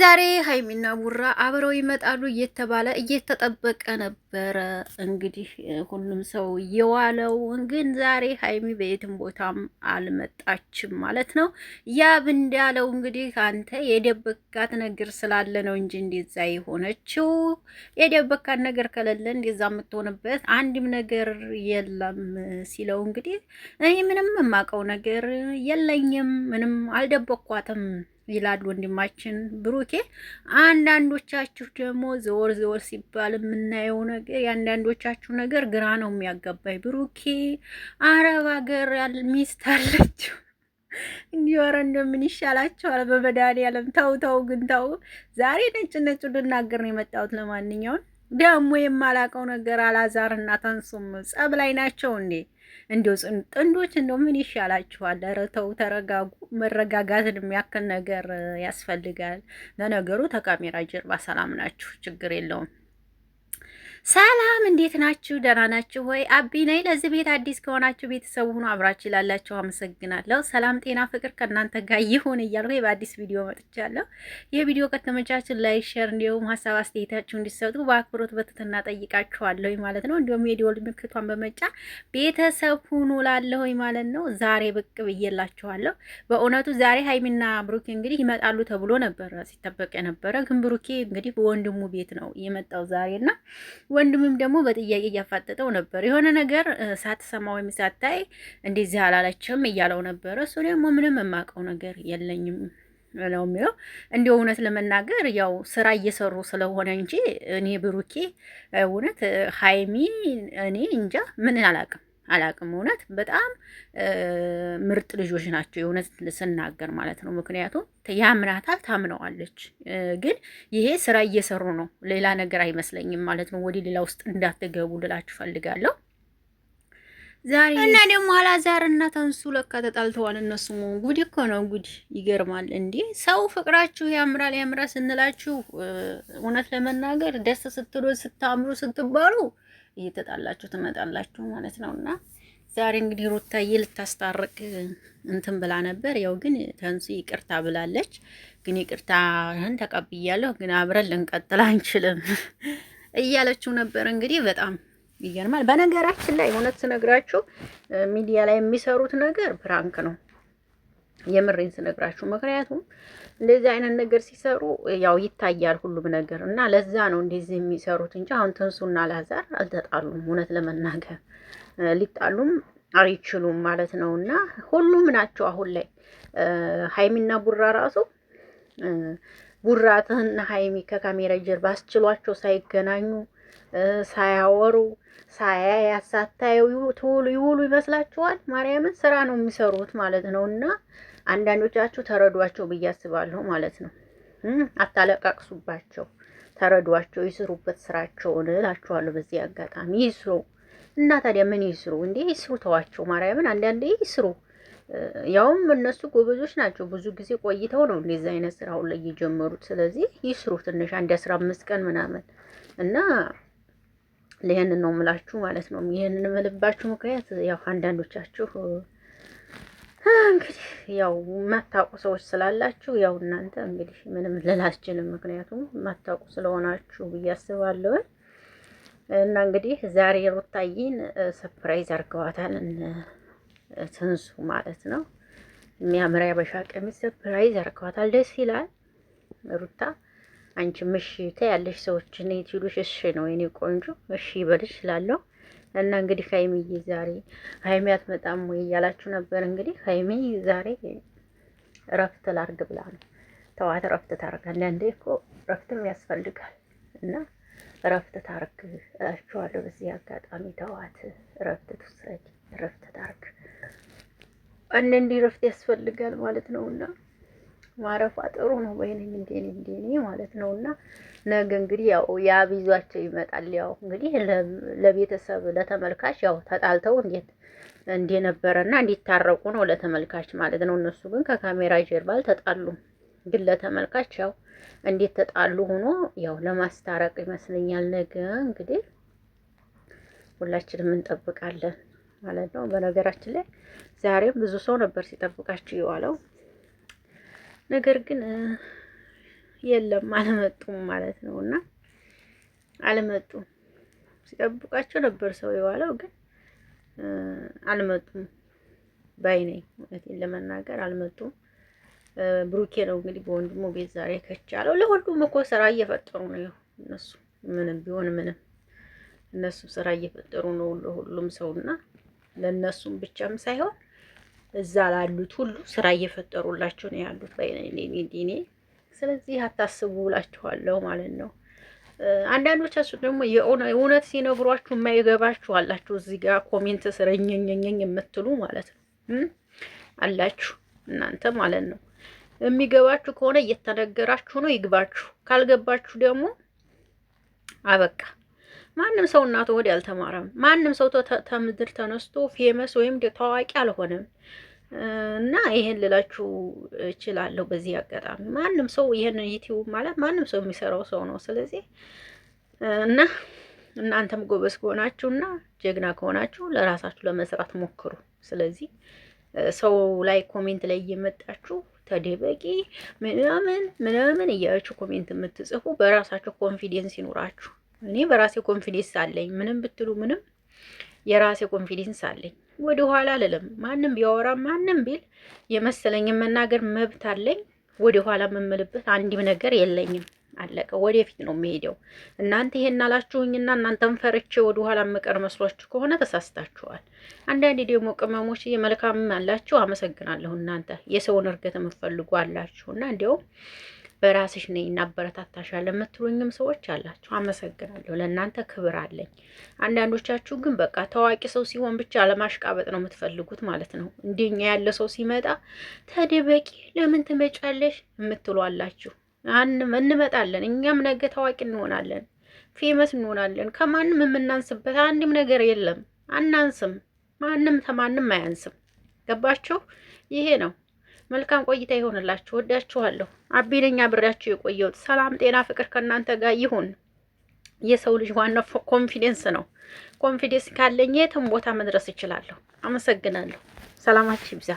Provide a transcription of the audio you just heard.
ዛሬ ሀይሚና ቡራ አብረው ይመጣሉ እየተባለ እየተጠበቀ ነበረ። እንግዲህ ሁሉም ሰው የዋለው ግን ዛሬ ሀይሚ በየትም ቦታም አልመጣችም ማለት ነው። ያ እንዳለው እንግዲህ አንተ የደበካት ነገር ስላለ ነው እንጂ እንደዛ የሆነችው የደበካት ነገር ከሌለ እንደዛ የምትሆንበት አንድም ነገር የለም ሲለው እንግዲህ እኔ ምንም የማውቀው ነገር የለኝም፣ ምንም አልደበኳትም ይላል ወንድማችን ብሩኬ። አንዳንዶቻችሁ ደግሞ ዘወር ዘወር ሲባል የምናየው ነገር የአንዳንዶቻችሁ ነገር ግራ ነው የሚያጋባኝ። ብሩኬ አረብ ሀገር ሚስት አለችው እንዲወረ እንደምን ይሻላቸዋል? በመድኃኒዓለም ተው ተው፣ ግን ተው። ዛሬ ነጭ ነጭ ልናገር ነው የመጣሁት። ለማንኛውም ደግሞ የማላቀው ነገር አላዛርና ተንሱም ጸብ ላይ ናቸው እንዴ? እንዲው ጥንዶች እንደው ምን ይሻላችኋል? ኧረ ተው ተረጋጉ። መረጋጋትን የሚያክል ነገር ያስፈልጋል። ለነገሩ ተካሜራ ጀርባ ሰላም ናችሁ፣ ችግር የለውም። ሰላም እንዴት ናችሁ? ደህና ናችሁ ወይ? አቢ ነኝ። ለዚህ ቤት አዲስ ከሆናችሁ ቤተሰቡ ሁኑ። አብራችሁ ላላችሁ አመሰግናለሁ። ሰላም ጤና፣ ፍቅር ከእናንተ ጋር ይሁን እያልኩ በአዲስ ቪዲዮ መጥቻለሁ። ይህ ቪዲዮ ከተመቻችሁ ላይክ፣ ሼር እንዲሁም ሀሳብ አስተያየታችሁ እንዲሰጡ በአክብሮት በትህትና ጠይቃችኋለሁ ማለት ነው። እንዲሁም የደወል ምልክቷን በመጫ ቤተሰብ ሁኑ እላለሁ ማለት ነው። ዛሬ ብቅ ብዬላችኋለሁ። በእውነቱ ዛሬ ሀይሚና ብሩኬ እንግዲህ ይመጣሉ ተብሎ ነበረ ሲጠበቅ የነበረ ግን ብሩኬ እንግዲህ በወንድሙ ቤት ነው የመጣው ዛሬና ወንድምም ደግሞ በጥያቄ እያፋጠጠው ነበር። የሆነ ነገር ሳትሰማ ወይም ሳታይ እንደዚህ አላለችም እያለው ነበረ። እሱ ደግሞ ምንም የማውቀው ነገር የለኝም ነው የሚለው። እንዲሁ እውነት ለመናገር ያው ስራ እየሰሩ ስለሆነ እንጂ እኔ ብሩኬ እውነት ሀይሚ እኔ እንጃ ምን አላውቅም አላቅም። እውነት በጣም ምርጥ ልጆች ናቸው፣ የእውነት ስናገር ማለት ነው። ምክንያቱም ያምናታል፣ ታምነዋለች። ግን ይሄ ስራ እየሰሩ ነው፣ ሌላ ነገር አይመስለኝም ማለት ነው። ወደ ሌላ ውስጥ እንዳትገቡ ልላችሁ ፈልጋለሁ። ዛሬ እና ደግሞ አላዛር እና ተንሱ ለካ ተጣልተዋል። እነሱ ጉድ እኮ ነው ጉድ፣ ይገርማል። እንዴ ሰው ፍቅራችሁ ያምራል ያምራል ስንላችሁ እውነት ለመናገር ደስ ስትሉ ስታምሩ ስትባሉ እየተጣላችሁ ትመጣላችሁ ማለት ነው። እና ዛሬ እንግዲህ ሩታዬ ልታስታርቅ እንትን ብላ ነበር። ያው ግን ተንሱ ይቅርታ ብላለች። ግን ይቅርታህን ተቀብያለሁ፣ ግን አብረን ልንቀጥል አንችልም እያለችው ነበር። እንግዲህ በጣም ይገርማል። በነገራችን ላይ እውነት ስነግራችሁ ሚዲያ ላይ የሚሰሩት ነገር ፕራንክ ነው። የምሬን ስነግራችሁ ምክንያቱም እንደዚህ አይነት ነገር ሲሰሩ ያው ይታያል ሁሉም ነገር እና ለዛ ነው እንደዚህ የሚሰሩት እንጂ አሁን ትንሱና ላዛር አልተጣሉም። እውነት ለመናገር ሊጣሉም አይችሉም ማለት ነው። እና ሁሉም ናቸው አሁን ላይ ሀይሚና ቡራ ራሱ ቡራትህና ሀይሚ ከካሜራ ጀርባ አስችሏቸው ሳይገናኙ ሳያወሩ ሳያ ያሳታዩ ትውሉ ይውሉ ይመስላችኋል? ማርያምን ስራ ነው የሚሰሩት ማለት ነው እና አንዳንዶቻችሁ ተረዷቸው ብዬ አስባለሁ ማለት ነው። አታለቃቅሱባቸው፣ ተረዷቸው፣ ይስሩበት ስራቸውን እላችኋለሁ። በዚህ አጋጣሚ ይስሩ እና ታዲያ ምን ይስሩ እንዴ? ይስሩ፣ ተዋቸው። ማርያምን አንዳንዴ ይስሩ። ያውም እነሱ ጎበዞች ናቸው። ብዙ ጊዜ ቆይተው ነው እንደዚህ አይነት ስራ ላይ የጀመሩት። ስለዚህ ይስሩ ትንሽ አንድ አስራ አምስት ቀን ምናምን እና ይህንን ነው ምላችሁ ማለት ነው። ይህንን ምልባችሁ ምክንያት ያው አንዳንዶቻችሁ እንግዲህ ያው የማታውቁ ሰዎች ስላላችሁ ያው እናንተ እንግዲህ ምንም ልል ምክንያቱም የማታውቁ ስለሆናችሁ ብዬ አስባለሁ። እና እንግዲህ ዛሬ ሩታዬን ሰፕራይዝ አርገዋታል ትንሱ ማለት ነው። የሚያምር ያበሻ ቀሚስ ሰፕራይዝ አርገዋታል። ደስ ይላል። ሩታ አንቺም እሺ ትያለሽ፣ ሰዎች እኔ ትሉሽ እሺ ነው የኔ ቆንጆ፣ እሺ ይበልሽ እላለሁ። እና እንግዲህ ሀይሚዬ ዛሬ ሀይሚ አትመጣም ወይ እያላችሁ ነበር። እንግዲህ ሀይሚ ዛሬ እረፍት ላርግ ብላ ነው። ተዋት፣ እረፍት ታርግ። አንዳንዴ እኮ እረፍትም ያስፈልጋል እና እረፍት ታርግ እላችኋለሁ። በዚህ አጋጣሚ ተዋት፣ እረፍት ትውሰድ፣ እረፍት ታርግ። አንዳንዴ እረፍት ያስፈልጋል ማለት ነውና ማረፏ ጥሩ ነው። ወይንም እንደኔ እንደኔ ማለት ነው። እና ነገ እንግዲህ ያው ያብ ይዟቸው ይመጣል። ያው እንግዲህ ለቤተሰብ ለተመልካች ያው ተጣልተው እንዴት እንደነበረና እንዲታረቁ ነው ለተመልካች ማለት ነው። እነሱ ግን ከካሜራ ጀርባ አልተጣሉም። ግን ለተመልካች ያው እንዴት ተጣሉ ሆኖ ያው ለማስታረቅ ይመስለኛል። ነገ እንግዲህ ሁላችንም እንጠብቃለን ማለት ነው። በነገራችን ላይ ዛሬም ብዙ ሰው ነበር ሲጠብቃችሁ የዋለው። ነገር ግን የለም አልመጡም ማለት ነው። እና አልመጡም። ሲጠብቃቸው ነበር ሰው የዋለው ግን አልመጡም ባይ ነኝ። እውነቴን ለመናገር አልመጡም። ብሩኬ ነው እንግዲህ በወንድሙ ቤት ዛሬ ከቻለው። ለሁሉም እኮ ስራ እየፈጠሩ ነው እነሱ ምንም ቢሆን ምንም እነሱ ስራ እየፈጠሩ ነው ለሁሉም ሰውና ለእነሱም ብቻም ሳይሆን እዛ ላሉት ሁሉ ስራ እየፈጠሩላቸው ነው ያሉት። ባይኔ ስለዚህ አታስቡ ብላችኋለሁ ማለት ነው። አንዳንዶቻችሁ ደግሞ የእውነት ሲነግሯችሁ የማይገባችሁ አላችሁ። እዚህ ጋር ኮሜንት ስር እኝኝኝኝ የምትሉ ማለት ነው አላችሁ እናንተ ማለት ነው። የሚገባችሁ ከሆነ እየተነገራችሁ ነው ይግባችሁ፣ ካልገባችሁ ደግሞ አበቃ። ማንም ሰው እናቱ ወድ አልተማረም። ማንም ሰው ተምድር ተነስቶ ፌመስ ወይም ታዋቂ አልሆነም እና ይሄን ልላችሁ እችላለሁ በዚህ አጋጣሚ። ማንም ሰው ይሄን ዩቲዩብ ማለት ማንም ሰው የሚሰራው ሰው ነው። ስለዚህ እና እናንተም ጎበዝ ከሆናችሁና ጀግና ከሆናችሁ ለራሳችሁ ለመስራት ሞክሩ። ስለዚህ ሰው ላይ ኮሜንት ላይ እየመጣችሁ ተደበቂ ምናምን ምናምን እያያችሁ ኮሜንት የምትጽፉ በራሳችሁ ኮንፊደንስ ይኑራችሁ። እኔ በራሴ ኮንፊደንስ አለኝ። ምንም ብትሉ ምንም የራሴ ኮንፊደንስ አለኝ። ወደ ኋላ አልልም። ማንም ቢያወራ ማንም ቢል የመሰለኝ መናገር መብት አለኝ። ወደ ኋላ የምምልበት አንድም ነገር የለኝም። አለቀ። ወደፊት ነው የሚሄደው። እናንተ ይሄን አላችሁኝና እናንተን ፈርቼ ወደ ኋላ መቀር መስሏችሁ ከሆነ ተሳስታችኋል። አንዳንዴ ደግሞ ቅመሞች የመልካም አላችሁ፣ አመሰግናለሁ። እናንተ የሰውን እርገት የምፈልጉ አላችሁና እንዲያውም በራስሽ ነኝ እናበረታታሻለን ለምትሉኝም ሰዎች አላችሁ። አመሰግናለሁ። ለእናንተ ክብር አለኝ። አንዳንዶቻችሁ ግን በቃ ታዋቂ ሰው ሲሆን ብቻ ለማሽቃበጥ ነው የምትፈልጉት ማለት ነው። እንደኛ ያለ ሰው ሲመጣ ተደበቂ፣ ለምን ትመጫለሽ የምትሉ አላችሁ። እንመጣለን። እኛም ነገ ታዋቂ እንሆናለን፣ ፌመስ እንሆናለን። ከማንም የምናንስበት አንድም ነገር የለም። አናንስም። ማንም ከማንም አያንስም። ገባችሁ? ይሄ ነው። መልካም ቆይታ ይሆንላችሁ። ወዳችኋለሁ። አቤ ነኝ አብሬያችሁ የቆየሁት። ሰላም፣ ጤና፣ ፍቅር ከእናንተ ጋር ይሁን። የሰው ልጅ ዋና ኮንፊደንስ ነው። ኮንፊደንስ ካለኝ የትም ቦታ መድረስ እችላለሁ። አመሰግናለሁ። ሰላማችሁ ይብዛ።